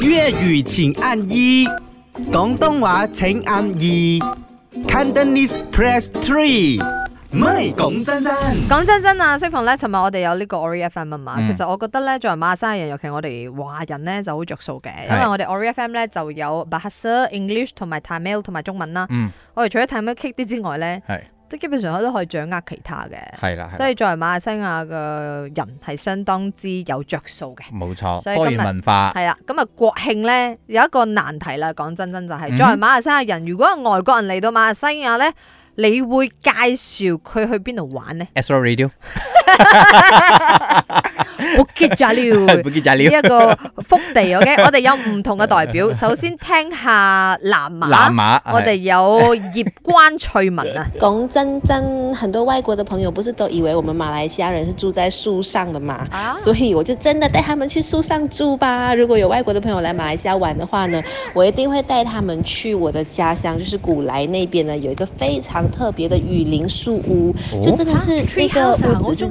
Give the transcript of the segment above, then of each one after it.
粵語請按一，廣東話請按二 Cantonese press three。唔係講真真，講真真啊！息鳳咧，尋日我哋有呢個 ORFM 啊、嗯、嘛，其實我覺得咧，作為馬鞍嘅人，尤其我哋華人咧就好着數嘅，因為我哋 ORFM 咧就有 Bahasa English 同埋 Tamil 同埋中文啦。嗯，我哋除咗 Tamil K 啲之外咧，係。即係基本上佢都可以掌握其他嘅，係啦。所以作為馬來西亞嘅人係相當之有著數嘅，冇錯。多元文化係啦。咁啊國慶呢有一個難題啦，講真真就係作為馬來西亞人，如果係外國人嚟到馬來西亞呢，你會介紹佢去邊度玩呢？Astro Radio。哈哈哈哈呢一個福地，OK，我哋有唔同嘅代表。首先聽下南馬，南馬，我哋有葉關翠文啊。講真真，很多外國嘅朋友，不是都以為我們馬來西亞人是住在樹上的嘛，啊？所以我就真的帶他們去樹上住吧。如果有外國嘅朋友來馬來西亞玩嘅話呢，我一定會帶他們去我的家鄉，就是古來那邊呢，有一個非常特別嘅雨林樹屋，就真的是一、那個屋子。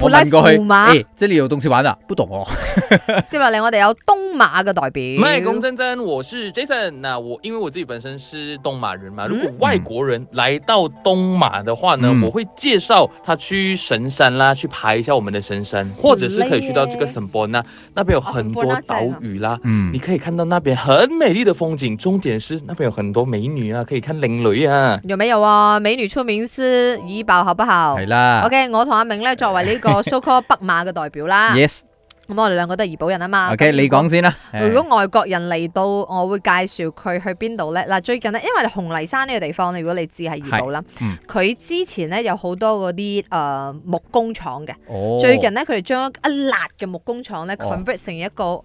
我嚟過去，誒、哎，這裡有東西玩啦、啊，不懂哦、啊。接落嚟我哋有東馬嘅代表，唔係龔真真，我是 Jason。那我因為我自己本身是東馬人嘛，嗯、如果外國人來到東馬嘅話呢、嗯，我會介紹他去神山啦，去爬一下我們的神山，嗯、或者是可以去到這個仙本那那邊有很多島嶼啦、啊，嗯，你可以看到那邊很美麗的風景，重、嗯、點是那邊有很多美女啊，可以看靚女啊。有冇有啊、哦？美女出名是怡保好不好？係啦。OK，我同阿明呢作為呢個。 我蘇科北馬嘅代表啦，yes，咁、嗯、我哋兩個都係怡保人啊嘛，OK，你講先啦。如果外國人嚟到，yeah. 我會介紹佢去邊度咧？嗱，最近咧，因為紅泥山呢個地方咧，如果你知係怡保啦，佢、嗯、之前咧有好多嗰啲誒木工廠嘅，oh. 最近咧佢哋將一辣嘅木工廠咧、oh. convert 成一個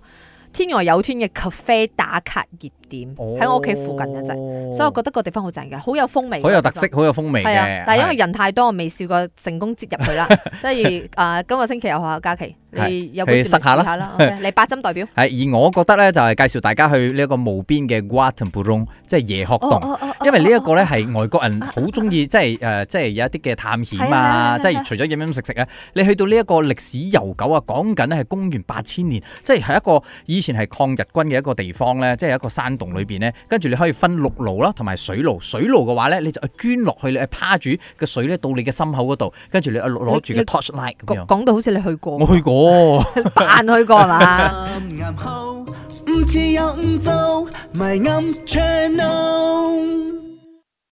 天外有天嘅 cafe 打卡熱。喺我屋企附近嘅就，所以我覺得個地方好正嘅，好有風味。好有特色，好有風味是、啊、但係因為人太多，我未試過成功接入佢啦。所以啊，今、呃、個星期有學校假期，你有冇試下，下、嗯 okay, 嗯、你八針代表。而我覺得呢，就係、是、介紹大家去呢一個無邊嘅 Gua Tempurung，即係椰殼洞、哦哦哦。因為呢一個呢，係外國人好中意，即係誒，即、就、係、是、有一啲嘅探險啊，即係除咗飲飲食食咧，你去到呢一個歷史悠久啊，講緊係公元八千年，即係係一個以前係抗日軍嘅一個地方呢，即、就、係、是、一個山。洞裏邊咧，跟住你可以分陸路啦，同埋水路。水路嘅話咧，你就捐落去，你趴住個水咧到你嘅心口嗰度，跟住你攞住個 torchlight，講到好似你去過，我去過扮去過係嘛？